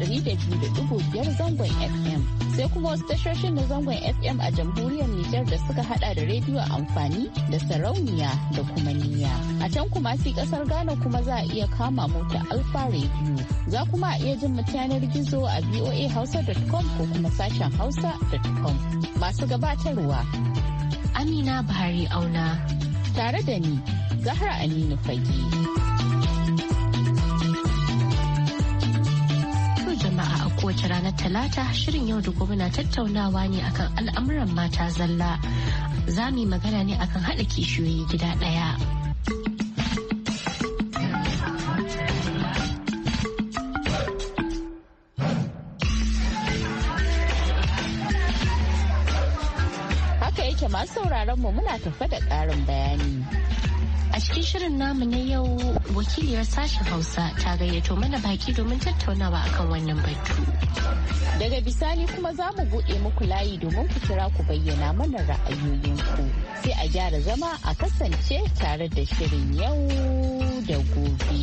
102.5 zangon FM. Sai kuma wasu tashoshin na zangon FM a jamhuriyar Nijar da suka hada da rediyo amfani da sarauniya da kuma niya. A can kuma si kasar Ghana kuma za a iya kama mota Alfa Radio. Za kuma a iya jin mutanen gizo a voahausa.com ko kuma sashen hausa.com. Masu gabatarwa. Amina Buhari Auna. Tare da ni, Zahra Aminu Fage. kowace ranar talata shirin yau da gobe na tattaunawa ne akan al'amuran mata zalla za mu yi magana ne akan haɗa kishiyoyi gida ɗaya. Haka yake masu sauraron mu muna tafa da ƙarin bayani. A cikin shirin namu na yau wakiliyar sashen Hausa ta gayyato mana baki domin tattaunawa akan wannan batu. Daga bisani kuma za mu buɗe muku layi domin ku kira ku bayyana mana ra'ayoyinku. Sai a gyara zama a kasance tare da shirin yau da gobe.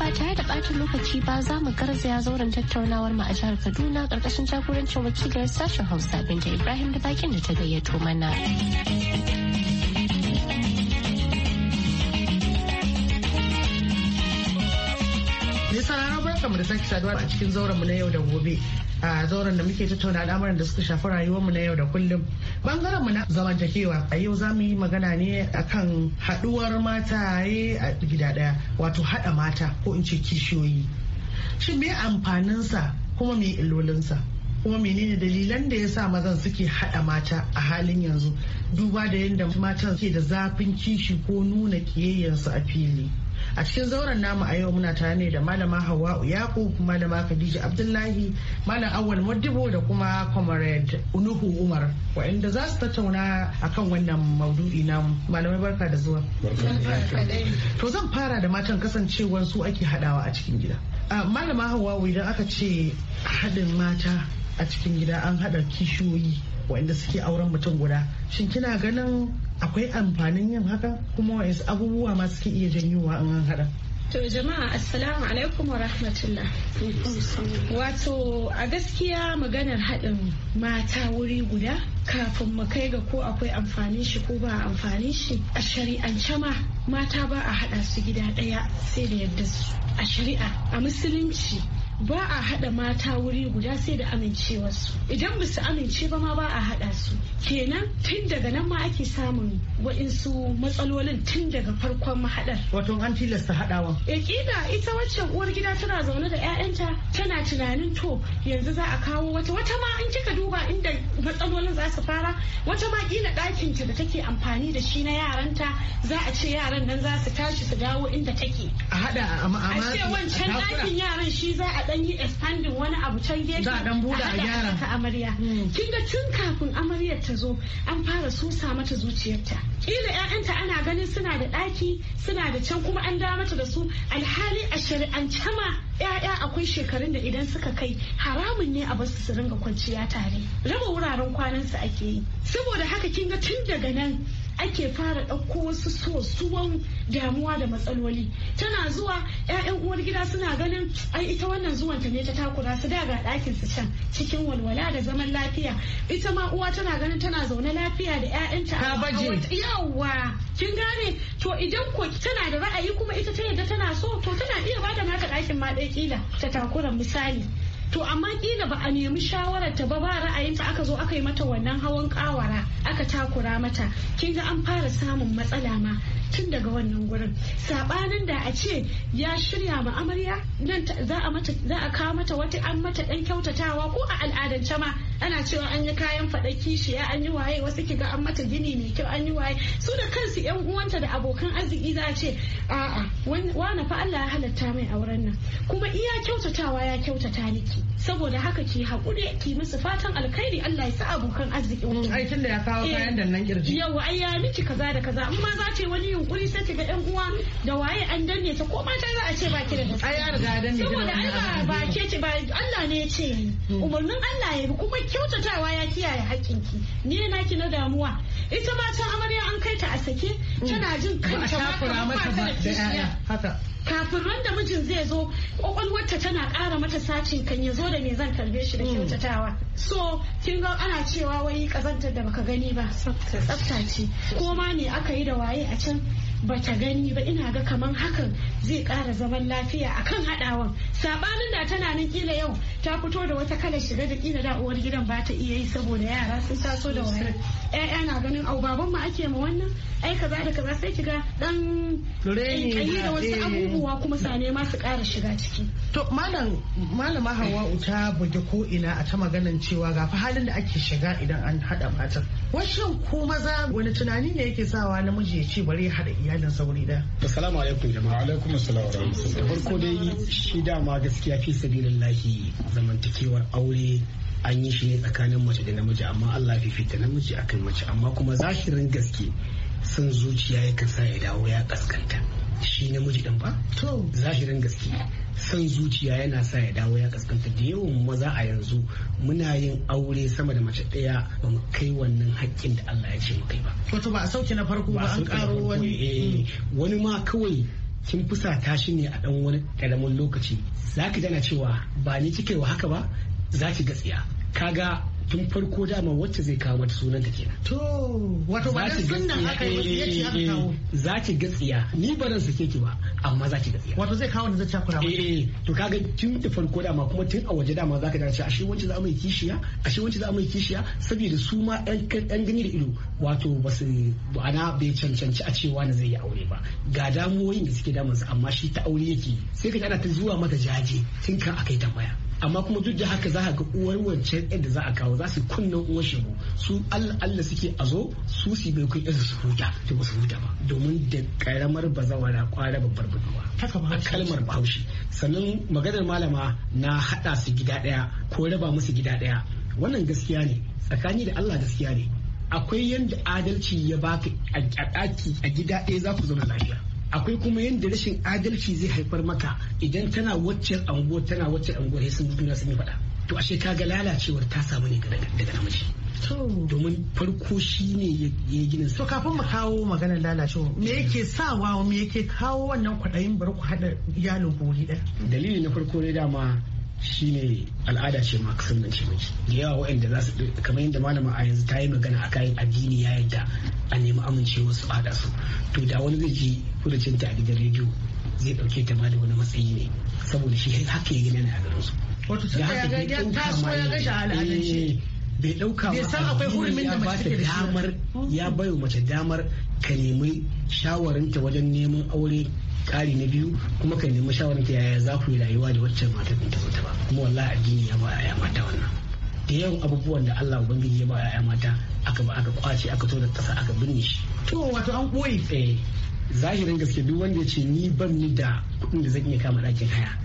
ba tare da bata lokaci ba za mu garzaya zauren tattaunawar mu a jihar Kaduna ƙarƙashin jagorancin wakilar sashen Hausa Binta Ibrahim da bakin da ta gayyato mana. sauraro barkamu da sake saduwa a cikin zauren mu na yau da gobe a zauren da muke tattauna al'amuran da suka shafi rayuwar mu na yau da kullum bangaren mu na zamantakewa a yau za mu yi magana ne akan haduwar mataye a gida daya wato hada mata ko in ce kishiyoyi shin me amfaninsa kuma me illolinsa kuma menene dalilan da ya sa mazan suke hada mata a halin yanzu duba da yadda matan ke da zafin kishi ko nuna kiyayyarsu a fili a cikin zauren namu a yau muna tare ne da malama hawa yakub malama khadija abdullahi malam awal modibo da kuma comrade unuhu umar wa'inda za su tattauna akan wannan maudu'i namu malamai barka da zuwa to zan fara da matan kasancewar su ake hadawa a cikin gida malama hawa idan aka ce haɗin mata a cikin gida an haɗa kishiyoyi waɗanda suke auren mutum guda shin kina ganin akwai amfanin yin haka kuma wa'insu abubuwa masu suke iya janyowa in an haɗa To jama'a assalamu alaikum wa rahmatullah. Wato a gaskiya maganar haɗin mata wuri guda kafin mu kai ga ko akwai amfanin shi ko ba amfanin shi a shari'ance ma mata ba a haɗa su gida ɗaya sai da yadda su a shari'a a musulunci ba a haɗa mata wuri guda sai da amincewarsu idan ba su amince ba ma ba a haɗa su kenan tun daga nan ma ake samun waɗansu matsalolin tun daga farkon mahaɗar wato an tilasta haɗawa e, ƙila ita wacce uwar gida tana zaune da 'ya'yanta tana tunanin to yanzu za a kawo wata wata ma in kika duba inda matsalolin za su fara wata ma ƙila ɗakinta da take amfani da shi na yaranta za a ce yaran nan za su tashi su dawo inda take a haɗa a ce wancan ɗakin yaran shi za a dan yi expanding wani abu can gefe za a dan buɗe a gyara ka amarya hmm. kin ga tun kafin amarya ta zo an fara susa mata zuciyarta kila ƴaƴanta ana ganin suna da ɗaki suna da can kuma an dawo mata da su alhali a shari'ance ma ƴaƴa akwai shekarun da idan suka kai haramun ne a basu su ringa kwanciya tare raba wuraren kwanansu ake yi saboda haka kin ga tun daga nan ake fara ɗauko wasu sosuwan damuwa da matsaloli tana zuwa ƴaƴan uwar gida suna ganin ai ita wannan zuwan ta ne ta takura su daga ɗakin su can cikin walwala da zaman lafiya ita ma uwa tana ganin tana zaune lafiya da ƴaƴanta a baje yawa kin gane to idan ko tana da ra'ayi kuma ita ta yadda tana so to tana iya bada mata ɗakin ma ɗaya kila ta takura misali to amma kila ba a nemi shawarar ta ba ba ra'ayinta aka zo aka yi mata wannan hawan kawara aka takura mata kin ga an fara samun matsala ma tun daga wannan gurin sabanin da a ce ya shirya ma amarya nan za a mata za a kawo mata wata an mata dan kyautatawa ko a al'adance ma ana cewa an yi kayan faɗa kishiya an yi waye wasu kiga an mata gini mai kyau an yi waye su da kansu yan uwanta da abokan arziki za a ce a'a wani fa Allah ya halatta mai auren nan kuma iya kyautatawa ya kyautata niki ki saboda haka ki haƙuri ki musu fatan alkhairi Allah ya sa abokan arziki ki ai tunda ya kawo eh, kayan da nan kirji yau ai ya miki kaza da kaza amma za ta wani yunkuri sai ki ga ɗan uwa da waye an danne ta ko ma ta za a ce baki da ai ya riga danne saboda ai ba ke ce ba Allah ne ya ce hmm. umarnin Allah ya bi kuma kyautatawa ya kiyaye haƙƙinki ni ne ki na damuwa ita ma ta amarya an kai ta a sake hmm. tana jin kanta ma ta da haka kafin randa mijin zai zo kwakwalwarta tana ƙara mata sacin kan ya zo da me zan karbe shi da mm. kyautatawa so kin ga ana cewa wai kazantar da baka gani ba tsafta ce ko ma ne aka yi da waye a can Ba ta gani ba ina ga kaman hakan zai kara zaman lafiya a kan haɗawan sabanin da tana nan kila yau ta fito da wata kalar shiga da kila da uwar gidan ba ta iya yi saboda yara sun taso da wani ƴaƴa na ganin au baban ake ma wannan ai kaza da kaza sai kiga dan reni da wasu abubuwa kuma sane ma su kara shiga ciki to malam malama hawa ta buge ko ina a ta maganan cewa ga fa halin da ake shiga idan an haɗa matan wasu ko maza wani tunani ne yake sawa namiji ya ce bari ya haɗa iyalin sauri da assalamu alaikum jama'a alaikum assalam wa rahmatullahi farko dai shi dama gaskiya fi lahi zamantakewar aure an yi shi ne tsakanin mace da namiji amma Allah fi fita namiji akan mace amma kuma zahirin gaske sun zuciya ya sa ya dawo ya kaskanta shi namiji din ba to zahirin gaske san zuciya yana sa ya dawo ya kaskanta da yawan maza a yanzu muna yin aure sama da mace ɗaya ba mu kai wannan haƙƙin da Allah ya ce mu kai ba wato ba a sauke na farko ba an karo wani eh. wani ma kawai kin fusata shi ne a ɗan wani ƙaramin lokaci za ki dana cewa ba ni wa haka ba za ki gatsiya kaga tun farko dama wacce zai kawo mata sunan ka kenan. To wato ba dan sunan haka yake ya eh, eh, kawo. Za ki gatsiya ni ba ran sake ki ba amma za ki ga wato zai kawo wanda zai cakura mai eh, eh to kaga tun da farko dama kuma tun a waje dama zaka dace ashe wance za mu yi kishiya ashe wancan za mu yi kishiya saboda su ma ɗan gani da ido wato ba su ana bai cancanci a cewa na zai yi aure ba ga damuwoyin da suke su amma shi ta aure yake sai ka ana ta zuwa mata jaje tun kan akai tambaya amma kuma duk da haka za ka ga uwar wancan yadda za a kawo za su kunna uwar shigo su allah allah suke a zo su su bai kun su huta da wasu huta ba domin da karamar bazawara kwara babbar buduwa a kalmar bahaushe sannan maganar malama na haɗa su gida daya ko raba musu gida daya wannan gaskiya ne tsakani da allah gaskiya ne akwai yadda adalci ya baka a ɗaki a gida ɗaya za ku zauna lafiya akwai kuma yadda rashin adalci zai haifar maka idan tana waccan anguwar tana waccan anguwar sai sun juna sun yi faɗa to ashe kaga lalacewar ta samu ne daga namiji domin farko shi ne ya gina to kafin mu kawo maganar lalacewa me yake sawa me yake kawo wannan kwaɗayin bar ku haɗa iyalin buri ɗaya dalili na farko ne dama shine al'ada ce ma kasar nan ce da yawa wa'anda za su kamar yadda malama a yanzu ta yi magana a kayan addini ya yadda a nemi amincewa su hada su to da wani zai ji furucin ta a gidan rediyo zai dauke ta ma da wani matsayi ne saboda shi haka ya gina a garin su wato ya ga ya taso ya ga shi eh, bai dauka ba san akwai hurumin da mace damar ya bayo mace damar ka nemi shawarinta wajen neman aure kari na biyu kuma ka nemi shawarar ta yaya za ku yi rayuwa da wacce mata ta mutu ba kuma wallahi addini ya ba ya mata wannan da yawan abubuwan da Allah ubangiji ya ba ya mata aka ba aka kwace aka to da aka binne shi to wato an ɓoye tsaye eh, zahirin gaske duk wanda ya ce ni ban ni da kuɗin da zan iya kama dakin haya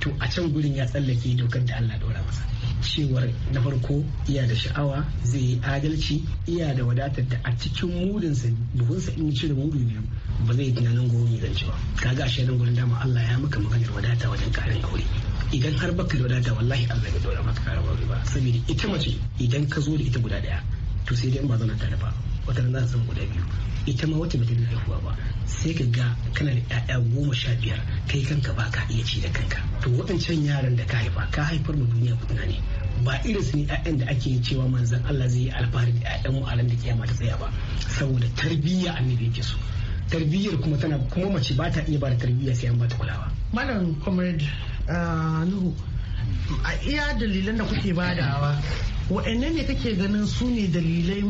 to a can gurin ya tsallake dokar da Allah ɗora masa cewar na farko iya da sha'awa zai yi adalci iya da wadatar da a cikin mudinsa buhunsa in cire mudu biyu ba zai tunanin gobe mai zance ba kaga ga nan gurin dama Allah ya maka maganar wadata wajen karin aure idan har baka da wadata wallahi Allah ya dora maka karin aure ba saboda ita mace idan ka zo da ita guda daya to sai dai ba zan tare ba wata za su guda biyu ita ma wata mutum da haihuwa ba sai ka ga kana da ƴaƴa goma sha biyar kai kanka ba ka iya ci da kanka to waɗancan yaran da ka haifa ka haifar mu duniya fitina ne ba irin su ne ƴaƴan da ake cewa manzon Allah zai yi alfahari da ƴaƴan mu a da kiyama ta tsaya ba saboda tarbiyya annabi yake so tarbiyyar kuma tana kuma mace ba ta iya ba da tarbiyyar sai an ba ta kulawa malam comrade ah, nuhu a iya dalilan da kuke awa, wa'anne ne kake ganin su ne dalilai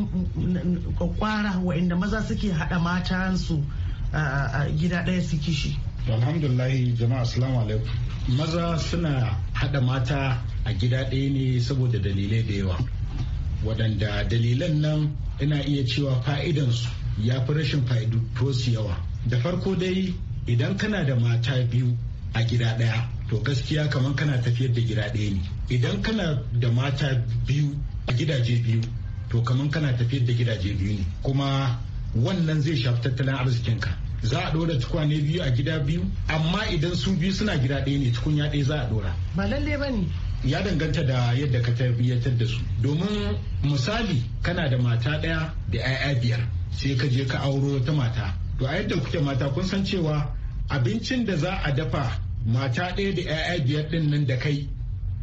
kwakwara wa'anda maza suke hada matansu a ah, ah, gida ɗaya su kishi alhamdulahi jama'a salamu alaikum maza suna hada mata a gida ɗaya ne saboda dalilai da yawa waɗanda dalilan nan ina iya cewa fa'idansu ya fi rashin fa'idu su yawa da farko dai idan kana da mata biyu a gida ɗaya to gaskiya kamar kana tafiyar da gida ɗaya ne idan kana da mata biyu a gidaje biyu to kamar kana tafiyar da gidaje biyu ne kuma wannan zai shafi tattalin arzikinka za a ɗora tukwane biyu a gida biyu amma idan su biyu suna gida ɗaya ne tukunya ɗaya za a ɗora ba lalle ba ne ya danganta da yadda ka tarbiyyatar da su domin misali kana da mata ɗaya da 'ya'ya biyar sai ka je ka auro wata mata to a yadda kuke mata kun san cewa abincin da za a dafa mata ɗaya da 'ya'ya biyar ɗin nan da kai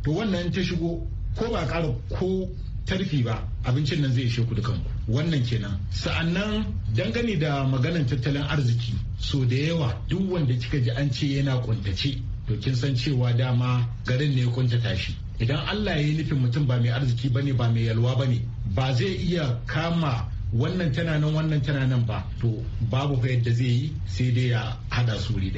to wannan ta shigo ko ba ƙara ko tarfi ba abincin nan zai ishe ku dukanku wannan kenan sa'annan dangane da maganar tattalin arziki so da yawa duk wanda kika ji an ce yana kuntace to kin san cewa dama garin ne ya kuntata shi idan Allah ya yi nufin mutum ba mai arziki bane ba mai yalwa bane ba zai iya kama wannan tana nan wannan tana nan ba to babu yadda zai yi sai dai ya hada su wuri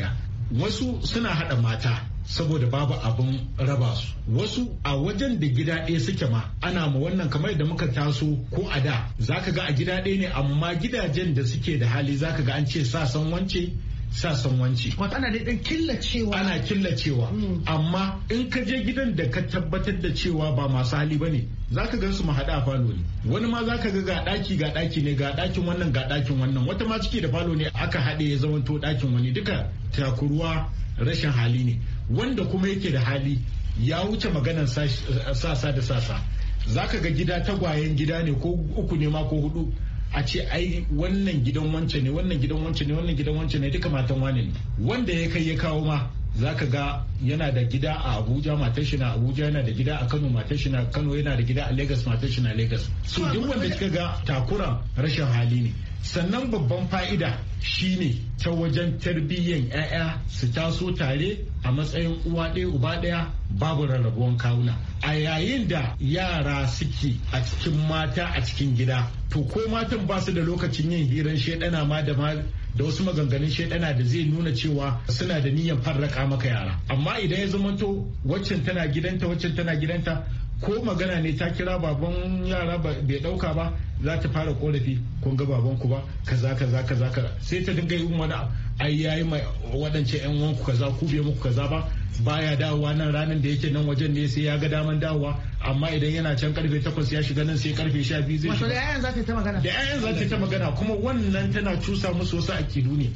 wasu suna hada mata saboda babu abin raba su wasu a wajen da gida ɗaya suke ma ana ma wannan kamar da muka taso ko a da zaka ga a gida ɗaya ne amma gidajen da suke da hali zaka ga an ce sa san wance sa wanci Wata ana dai killa killacewa. Ana killacewa. Hmm. Amma in ka je gidan da ka tabbatar da cewa ba masu hali ba ne za ka gan su ma haɗa falo ne. Wani ma za ka ga ga ɗaki ga ɗaki ne ga ɗakin wannan ga ɗakin wannan wata ma ciki da falo ne aka haɗe ya zamanto ɗakin wani duka takuruwa rashin hali ne. Wanda kuma yake da hali ya wuce maganan sasa da sasa. Za ka ga gida tagwayen gida ne ko uku ne ma ko hudu a ce ai wannan gidan wance ne wannan gidan wance ne wannan gidan wance ne duka matan wane ne wanda ya kai ya kawo ma za ka ga yana da gida a abuja matar shi na abuja yana da gida a kano matar shi na kano yana da gida a lagos matar shi na lagos so duk wanda kika ga takura rashin hali ne sannan babban fa'ida shine ta wajen tarbiyyar 'ya'ya su taso tare a matsayin uwa ɗaya uba ɗaya babu rarrabuwan kawuna a yayin da yara suke a cikin mata a cikin gida to ko matan ba su da lokacin yin hirar shaidana ma da da wasu maganganun shaidana da zai nuna cewa suna da niyyar farraka maka yara amma idan ya zamanto waccan tana gidanta waccan tana gidanta ko magana ne ta kira baban yara bai dauka ba za ta fara korafi kun ga baban ku ba kaza kaza kaza kaza sai ta dinga yin wani ai yayi mai wadance yan ku kaza ku bai muku kaza ba baya dawowa nan ranar da yake nan wajen ne sai ya ga daman dawowa amma idan yana can karfe 8 ya shiga nan sai karfe 12 zai shiga da yayan za ta ta magana da yayan za ta ta magana kuma wannan tana cusa musu wasu akidu ne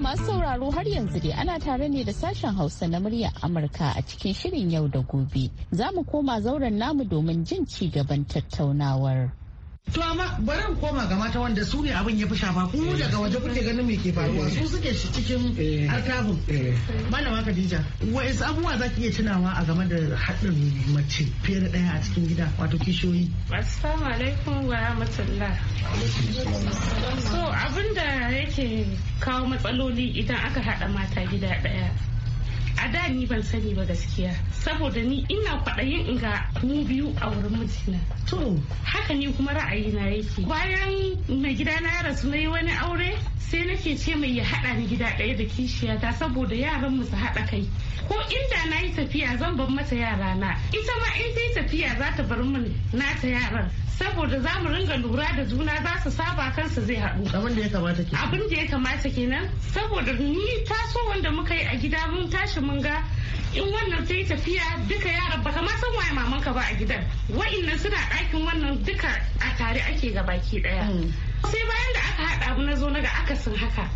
masu sauraro har yanzu dai ana tare ne da sashen Hausa na murya Amurka a cikin shirin yau da gobe. Za mu koma zauren namu domin jin ci gaban tattaunawar. To amma bari in koma ga mata wanda su ne abin ya fi shafa ku eh. daga waje kuke ganin me ke faruwa su suke shi cikin eh. alkabun. Eh. Malama Khadija, wai abubuwa za iya tunawa a game da haɗin mace fiye da ɗaya a cikin gida wato Kishoyi. Assalamu alaikum wa rahmatullah. So abin da yake kawo matsaloli idan aka haɗa mata gida ɗaya. a da ni ban sani ba gaskiya saboda ni ina kwaɗayin in ga mu biyu a wurin mijina to haka ni kuma ra'ayina yake bayan mai gida na ya rasu na yi wani aure sai nake ce mai ya haɗa ni gida ɗaya da kishiyata saboda yaran mu su haɗa kai ko inda na yi tafiya zan bar mata yara na ita tafiya za ta bar mun nata yaran saboda za mu ringa lura da juna za su saba kansa zai haɗu abin da ya kamata kenan abin da ya kamata kenan saboda ni taso wanda muka yi a gida mun tashi mun ga in wannan ta yi tafiya duka yaran baka ma san waye mamanka ba a gidan wa'innan suna ɗakin wannan duka a tare ake gabaki ɗaya mm. sai bayan da aka haɗa na zo na ga akasin haka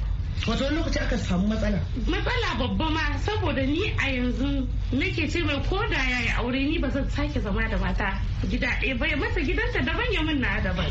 wato lokaci aka samu matsala matsala babba ma saboda ni a yanzu nake ce mai ko da yayi aure ni ba zan sake zama da mata gida ɗaya ba masa gidanta daban ya min na daban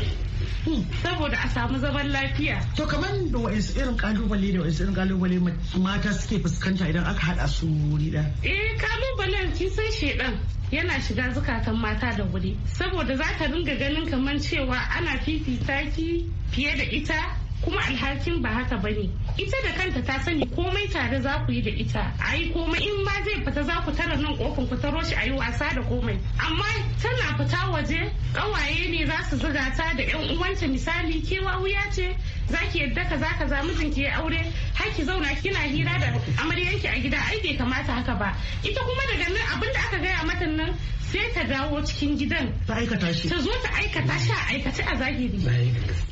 hmm, saboda a samu zaman lafiya to kamar da wa'insu irin kalubale da wa'insu irin kalubale mata suke fuskanta idan aka haɗa su wuri da eh kalubalen kin san shedan yana shiga zukatan mata da wuri saboda za ka dinga ganin kamar cewa ana fifita ki fiye da ita kuma alhakin ba haka ba ne ita da kanta ta sani komai tare za ku yi da ita ai komai in ma zai fita za ku tara nan kofin ku taro shi a yi wasa da komai amma tana fita waje kawaye ne za su zuga ta da yan uwanta misali kewa wuya ce za ki yadda kaza kaza mijinki ya aure har ki zauna kina hira da amaryanki a gida ai bai kamata haka ba ita kuma daga nan abin da aka gaya mata nan sai ta dawo cikin gidan ta aikata shi ta zo ta aikata shi a aikace a zahiri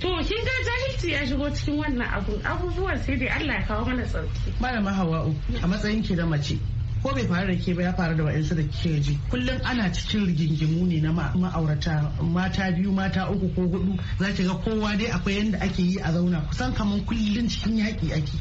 to kin ga jahilci ya shigo cikin wannan abu abubuwan sai dai Allah ya kawo mana tsarki malama hawa'u a matsayin ki da mace ko bai faru da ke ba ya faru da wa'ansu da ke ji kullum ana cikin rigingimu ne na ma'aurata mata biyu mata uku ko hudu za ki ga kowa dai akwai yadda ake yi a zauna kusan kamar kullum cikin yaƙi ake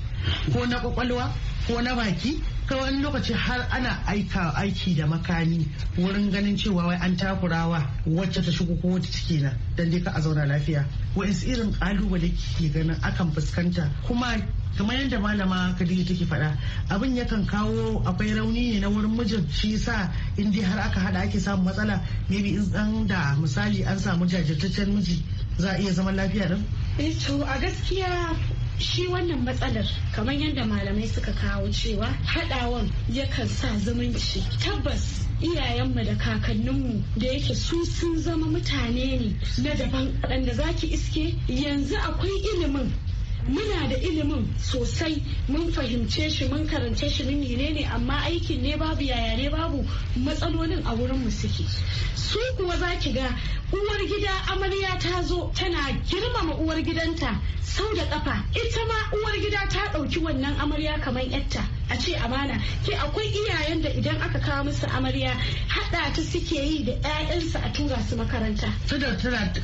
ko na kwakwalwa ko na baki kai wani lokaci har ana aika aiki da makami wurin ganin cewa wai an takurawa wacce ta shigo ko wata ciki na dan dai ka a zauna lafiya wa'insu irin kalubale ke ganin akan fuskanta kuma kamar yadda malama Khadija take faɗa abin yakan kawo akwai rauni ne na wurin mijin shi sa in dai har aka hada ake samun matsala maybe in dan da misali an samu jajirtaccen miji za a iya zaman lafiya din eh to a gaskiya shi wannan matsalar kamar yadda malamai suka kawo cewa haɗawan yakan sa zumunci tabbas iyayenmu da kakanninmu da yake su sun zama mutane ne na daban waɗanda za ki iske yanzu akwai ilimin muna da ilimin sosai mun fahimce shi mun karance shi mun yi ne amma aikin ne babu yaya ne babu matsalolin a wurin mu suke su kuwa za ki ga uwar gida amarya ta zo tana girmama uwar gidanta sau da kafa ita ma uwar gida ta ɗauki wannan amarya kamar yatta a ce amana ke akwai iyayen da idan aka kawo musu amarya hada ta suke yi da ƴaƴansu a tura su makaranta saboda ta ɗauke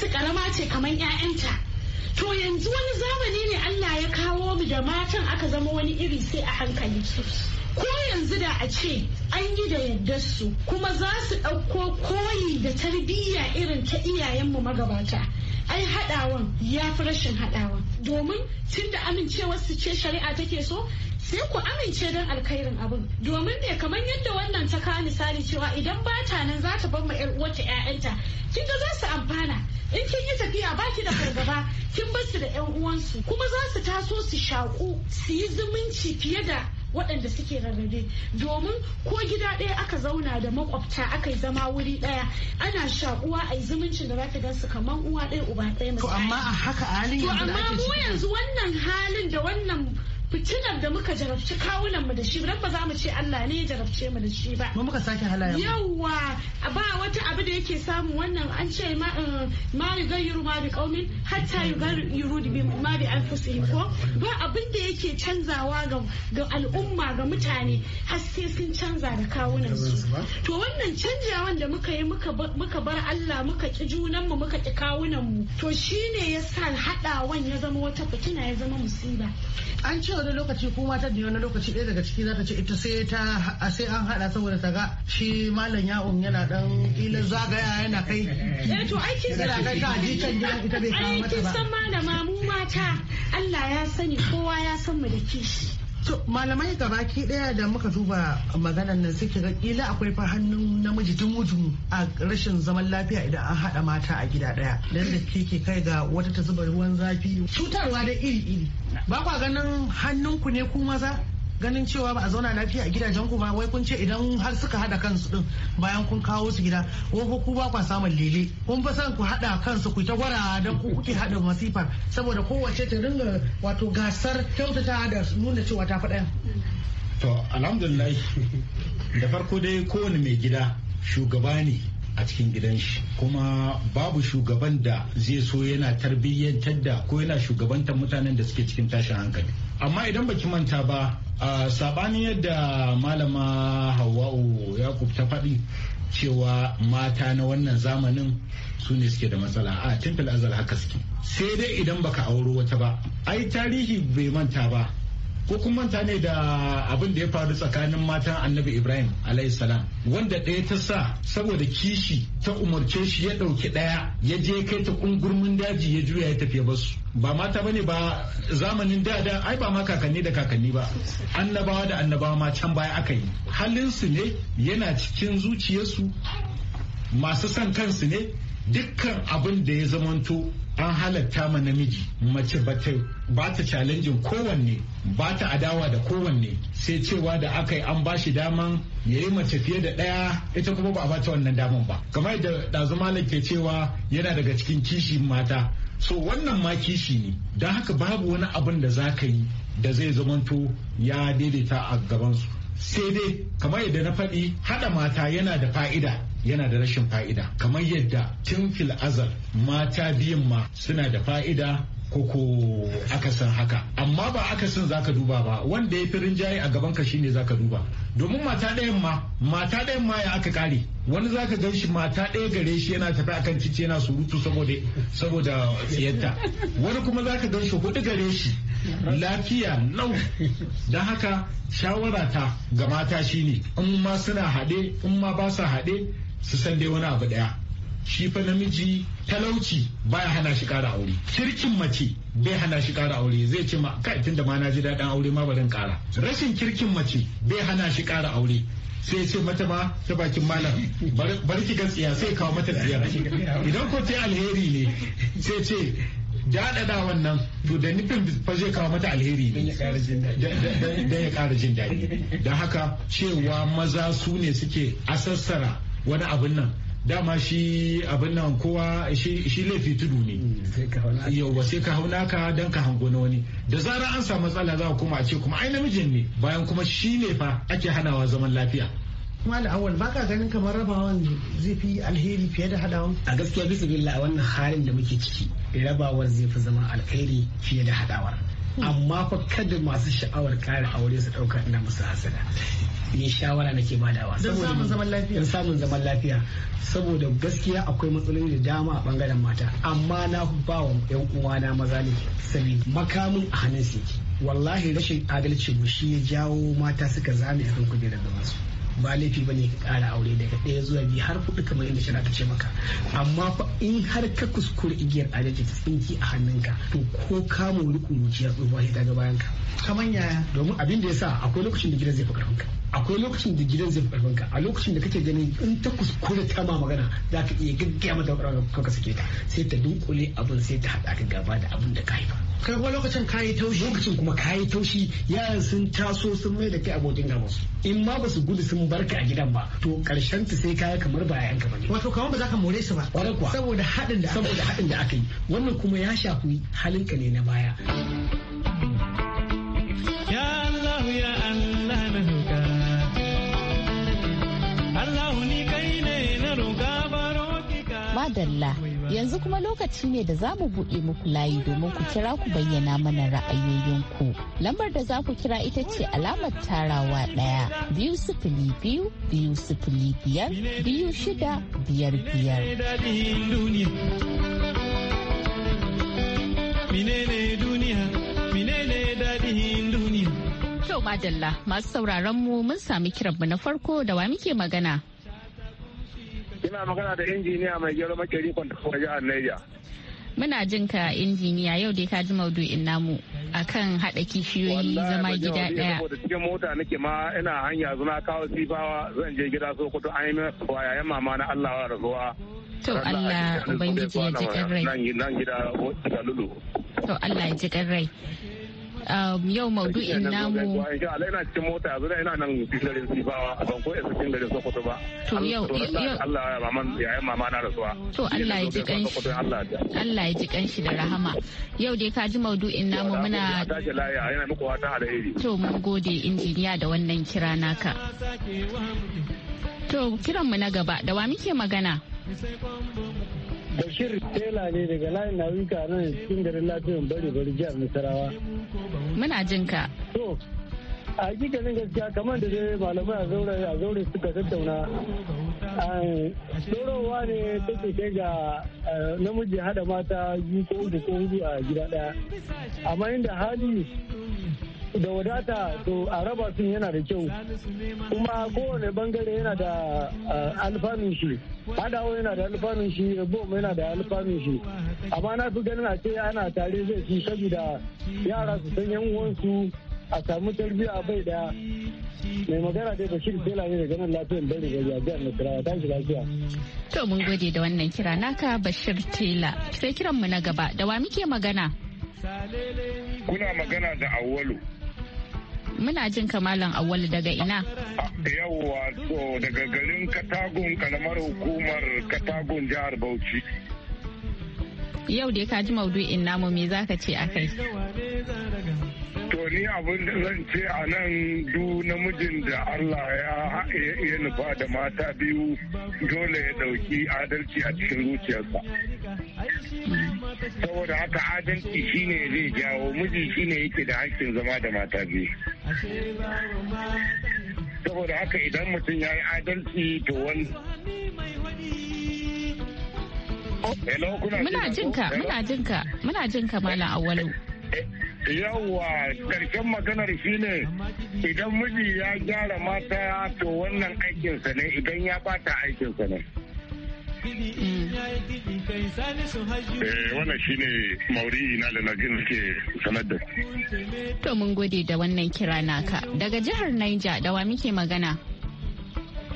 ta karama ce kamar 'ya'yanta To yanzu wani zamani ne Allah ya kawo mu da matan aka zama wani iri sai a hankali. su Ko yanzu da a ce an yi da yadda su kuma za su ɗauko koyi da tarbiyya irin ta iyayenmu magabata. ai haɗawan ya fi rashin haɗawan domin tun da amincewarsu ce shari'a take so sai ku amince don alkhairin abin domin ne kamar yadda wannan ta kawo misali cewa idan ba ta nan za ta bar ma yar 'yayanta ƴaƴanta kin ga za su amfana in kin yi tafiya ba ki da fargaba kin bar su da 'yan uwansu kuma za su taso su shaku su yi zumunci fiye da waɗanda suke rarrabe domin ko gida ɗaya aka zauna da makwabta aka yi zama wuri ɗaya ana shakuwa a yi zumuncin da za ta gansu kamar uwa ɗaya uba ɗaya misali. To amma a haka halin yanzu da ake ciki. To amma mu yanzu wannan halin da wannan fitinar da muka jarabci kawunan mu da shi dan ba za mu ce Allah ne ya jarabce mu da shi ba mu muka sake halaya yawa ba wata abu da yake samu wannan an ce ma eh, ma rigayru ma bi qaumin hatta yugayru bi ma bi anfusihim ko ba abin da yake canzawa ga ga al'umma ga mutane har sai sun canza da kawunan su to wannan canjawan da muka yi muka bar Allah muka ki junan mu muka ki kawunan mu to shine yasa hadawan ya zama wata fitina ya zama musiba an ce wani lokaci ko mata ne wani lokaci ɗaya daga ciki zata ce ita sai ta sai an hada saboda ta ga shi malam ya'un yana dan ilin zagaya yana kai eh to aiki ne da kai ta ji can gidan ita bai kawo mata ba aiki san malama mu mata Allah ya sani kowa ya san mu da kishi To malamai gabaki daya da muka duba maganan nan suke ga kila akwai fa hannun namiji dumu a rashin zaman lafiya idan an hada mata a gida daya dan da ke kai ga wata ta zuba ruwan zafi cutarwa da iri iri ba kwa ganin hannunku ne ku maza ganin cewa ba a zauna lafiya a gidajen ku ba wai kun ce idan har suka hada kansu din bayan kun kawo su gida ko ku ba kwa samun lele kun fa san ku hada kansu ku ta gwara dan ku kuke hada masifar saboda kowace ta ringa wato gasar kyautata da nuna cewa ta faɗa. To alhamdulillah da farko dai kowane mai gida shugaba ne a cikin gidan shi kuma babu shugaban da zai so yana tarbiyyantar da ko yana shugabantar mutanen da suke cikin tashin hankali amma idan baki manta ba sabanin yadda malama hawa'u yakub ta faɗi cewa mata na wannan zamanin su ne suke da matsala a tun azal haka suke sai dai idan baka auro wata ba ai tarihi bai manta ba ko kun manta ne da abin da ya faru tsakanin matan annabi ibrahim alayhi salam wanda ɗaya ta sa saboda kishi ta umarce shi ya ɗauki ɗaya ya je kai ta ƙungurmin daji ya juya ya tafi basu ba mata bane ba zamanin da da ai ba ma kakanni da kakanni ba annabawa da annabawa ma can baya aka yi halinsu ne yana cikin zuciyarsu masu son kansu ne dukkan abin da ya zamanto an halatta ma namiji mace ba ta challenging kowanne ba ta adawa da kowanne sai cewa da aka yi an ba shi daman ya yi mace fiye da ɗaya ita kuma ba a bata wannan daman ba kamar da ɗazu malam ke cewa yana daga cikin kishi mata so wannan ma kishi ne don haka babu wani abin da za ka yi da zai zamanto ya daidaita a gabansu sai dai kamar yadda na faɗi haɗa mata yana da fa'ida yana da rashin fa'ida kamar yadda tun fil azal mata biyun ma suna da fa'ida koko akasin haka amma ba akasin zaka duba ba wanda ya fi rinjaye a gaban ka shine zaka duba domin mata ɗayan ma mata ɗayan ma ya aka kare wani zaka gan shi mata ɗaya gare shi yana tafi akan titi yana surutu saboda saboda tsiyarta wani kuma zaka gan shi hudu gare shi lafiya nau don haka shawara ta ga mata shine in ma suna haɗe in ma ba su haɗe su san dai wani abu ɗaya shi fa namiji talauci baya hana shi ƙara aure kirkin mace bai hana shi ƙara aure zai ce ma kai da ma na ji daɗin aure ma barin kara rashin kirkin mace bai hana shi kara aure sai ce mata ma ta bakin malam bari ki gaskiya sai kawo mata ziyara idan ko ta alheri ne sai ce da wannan. to da nufin fa zai kawo mata alheri da ya ƙara jin daɗi da haka cewa maza su ne suke asassara wani abin nan dama shi abin nan kowa shi laifi tudu ne yauwa sai ka hauna ka don ka hango na wani da zarar an samu matsala za a koma a ce kuma ai namijin ne bayan kuma shi ne fa ake hanawa zaman lafiya da Awal baka ganin kamar rabawan zai fi alheri fiye da hadawan? A gaskiya bisa billa a wannan halin da muke ciki rabawar zai fi zama alheri fiye da hadawar. Hmm. Amma fa kada masu sha'awar kare aure su ɗauka ina musu hasada. ne shawara nake badawa don samun zaman lafiya samun zaman lafiya saboda gaskiya akwai matsaloli da dama a bangaren mata amma na ba wa yan uwana maza ne saboda makamin a hannun su wallahi rashin adalci mu shi ya jawo mata suka zame a kan kujerar da masu ba laifi ba ne ka kara aure daga ɗaya zuwa biyu har hudu kamar yadda shi ta ce maka amma fa in har ka kuskure igiyar adalci ta tsinki a hannunka to ko ka mu riƙo muciya tsohuwa sai ta ga bayan kamar yaya domin abin da ya sa akwai lokacin da gidan zai fi ka akwai lokacin da gidan zai fi ka a lokacin da kake ganin in ta kuskure ta ma magana za ka iya gaggaya mata ka sake ta sai ta dunkule abin sai ta haɗa ka gaba da abin da ka haifa kai kuma lokacin kayi taushi lokacin kuma kayi taushi yaran sun taso sun mai da kai abokin gaban su in ma ba su gudu sun barka a gidan ba to karshen ta sai kaya kamar ba yanka bane wato kamar ba za ka more su ba kwarai kuwa saboda haɗin da aka yi wannan kuma ya shafi halinka ne na baya madalla yanzu kuma lokaci ne da za mu buɗe muku layi domin ku kira ku bayyana mana ra'ayoyinku lambar da za ku kira ita ce alamar tarawa ɗaya biyu sifili biyu biyu sifili biyar biyu shida biyar biyar Minene madalla masu sauraron mu mun sami kiranmu na farko da wa muke magana. Ina magana da injiniya mai gero makeri kwanta kuma jihar Niger. Muna jin ka injiniya yau dai ka ji maudu'in namu akan haɗa kishiyoyi zama gida ɗaya. Wallahi cikin mota nake ma ina hanya zuna kawo sifawa zan je gida so kudu an yi min yayan mama na Allah wa razuwa. To Allah Ubangiji ya ji ƙarrai. Nan gida Lulu. To Allah ya ji ƙarrai. Um, yau maudu'in namu. To Allah ya To Allah ya ji kanshi. Allah ya ji kanshi da rahama. Yau dai ka ji maudu'in namu muna. To mun gode injiniya da wannan kira naka. To kiranmu na gaba da wa muke magana? bashir tela ne daga layin nauyuka nan cikin garin lafiyan bari bari jihar nasarawa muna jin ka to a hakikanin gaskiya kamar da dai malamai a zaure a zaure suka tattauna tsorowa ne ke kai ga namiji hada mata biyu ko uku ko a gida daya amma inda hali da wadata to a raba sun yana da kyau kuma kowane bangare yana da eh, alfanun shi hadawa yana da alfanun shi rabom yana da alfanun shi amma na fi ganin a ce ana tare zai fi saboda yara su san yan uwansu a samu tarbiyya bai da mai magana dai bashir tela ne daga nan lafiyan bari ga jajiyar nasarawa tashi lafiya to mun gode da wannan kira naka bashir tela sai kiran mu na gaba da wa muke magana kuna magana da awwalu Muna jin kamalan awali daga ina. Yawwa so daga garin Katagun kalamar hukumar Katagun jihar Bauchi. Yau dai ka ji maudu'in namu me zaka ce a kai. ni abin da zan ce a nan du namijin da Allah ya nufa da mata biyu dole ya dauki adalci a cikin zuciyarsa. Saboda haka adalci shine zai jawo miji shine yake da hakkin zama da mata biyu. Saboda haka idan mutum ya yi adalci to wani Muna jinka, muna jinka, muna jinka malam awalu. yawwa karshen maganar shine idan miji ya gyara mata to wannan aikinsa ne idan ya bata aikinsa ne eh, wannan shine mauri na da na ke sanar da to mun gode da wannan kira naka daga jihar Niger da wa muke magana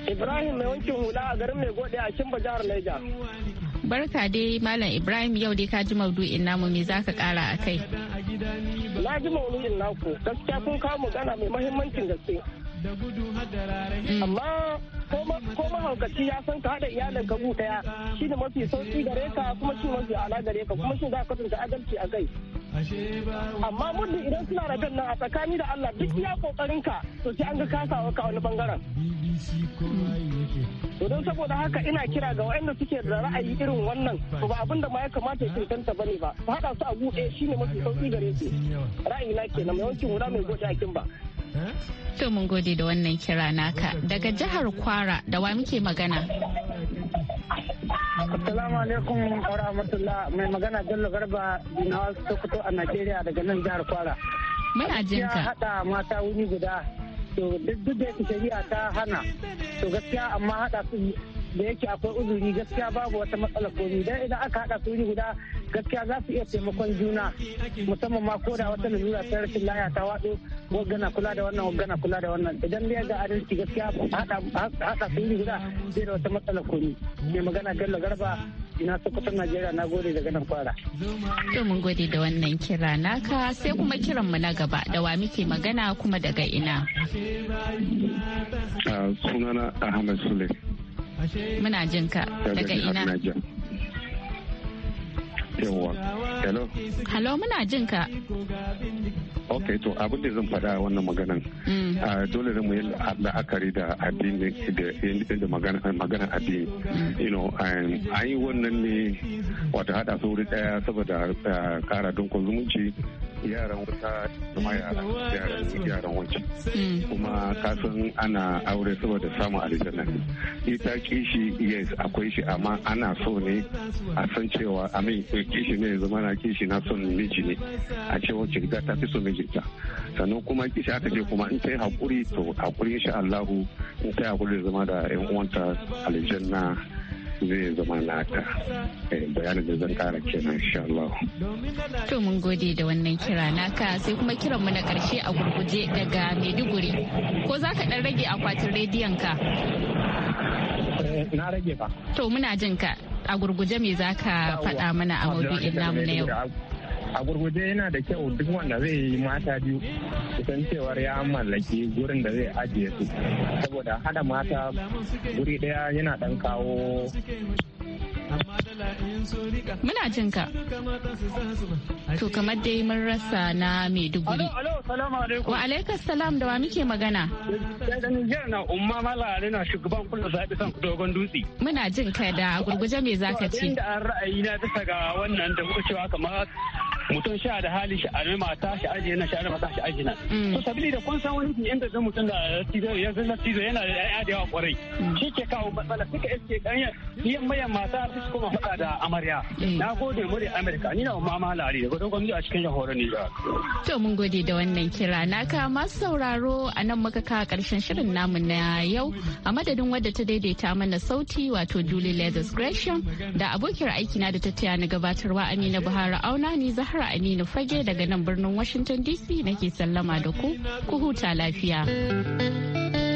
Ibrahim mai wankin hula a garin mai gode a Kimba jihar Niger barka dai malam ibrahim yau dai ka ji maudu'in namu me zaka kara a kai na ji maudu'in naku gaskiya kun kawo magana mai mahimmancin gaske amma ko mahaukaci ya san ka haɗa iyalin ka daya shi ne mafi sauki gare ka kuma shi mafi ala gare ka kuma shi za ka kasance adalci a kai amma muddin idan suna da nan a tsakani da Allah duk ya kokarin ka to sai an ga kasawa ka wani bangaren to don saboda haka ina kira ga waɗanda suke da ra'ayi irin wannan to ba abin ma ya kamata ya cancanta bane ba ba haɗa su a buɗe shine mafi sauki gare su ra'ayi na mai yawancin wuda mai goce a kin ba To mun gode da wannan kira naka daga jihar Kwara da wa muke magana. Assalamu alaikum wa rahmatullah mai magana Bello Garba Dinawa Sokoto a Najeriya daga nan jihar Kwara. Mai jinka. Ya haɗa mata wuni guda. To duk da shari'a ta hana. To gaskiya amma haɗa su da yake akwai uzuri gaskiya babu wata matsala komi dan idan aka haɗa su guda gaskiya za su iya taimakon juna musamman ma ko da wata lalura ta rashin laya ta waɗo gana kula da wannan gana kula da wannan idan da ga adalci gaskiya haɗa su guda zai da wata matsala komi mai magana Bello Garba ina sokoton Najeriya na gode daga nan fara. To mun gode da wannan kira naka sai kuma kiran mu na gaba da wa muke magana kuma daga ina. Ah, sunana Ahmad Sule. Muna jin ka daga ina. Yawwa, hello. Hello muna jin ka. ok to abin da zan faɗa wannan maganan mm. dole ne mu yi la'akari da addini da maganar addini mm. you know an yi wannan ne wata hada sauri wuri daya saboda kara dunkon zumunci yaran wuta kuma yaran wuce hmm. kuma kasan ana aure saboda samun aljanna ita kishi yes akwai shi amma ana so ne a san cewa amin kishi ne zama na kishi na son miji ne a ce wacce gida ta fi so mijinta sannan kuma kishi aka ce kuma in ta yi hakuri to hakuri insha Allahu in ta yi hakuri zama da yan uwanta aljanna zai zama lata eh, bayanin da zan kara kenan insha Allah. To mun gode da wannan kira naka sai kuma kiran mu na karshe a gurguje daga Maiduguri ko za ka dan rage akwatin rediyon ka? Eh, na rage ba. To muna jin ka a gurguje me za ka faɗa mana a maudu'in namu na yau. a gurguje yana da kyau duk wanda zai yi mata biyu kusan cewar ya mallaki gurin da zai ajiye su saboda hada mata guri daya yana dan kawo Muna jin ka. To kamar dai mun rasa na Maiduguri. Wa alaikas salam da wa muke magana. Jiyar na umma malare na shugaban kula zaɓi san dogon dutse. Muna jin ka da gurguje me zaka ce. Inda an ra'ayi na bisa ga wannan da muka cewa kamar mutum sha da hali shi arme mata shi aje nan shi arme mata shi aje nan to mm. sabili da kun san wani inda zan mutum da ya zalla tizo yana da ya'ya da yawa kwarai mm. shi ke kawo matsala suka iske kan yan mayan mata su kuma faɗa da amarya mm. na gode muri amerika ni na mama lari da gudun gwamnati a cikin jahoron nijar to mun gode da wannan kira na ka masu sauraro a nan muka ka karshen shirin namu na yau a madadin wadda ta daidaita mana sauti wato julie leathers gresham da abokiyar aikina da ta taya na gabatarwa amina buhari auna ni zahar Zahra Aminu Fage daga nan birnin Washington DC nake sallama da ku, ku huta lafiya.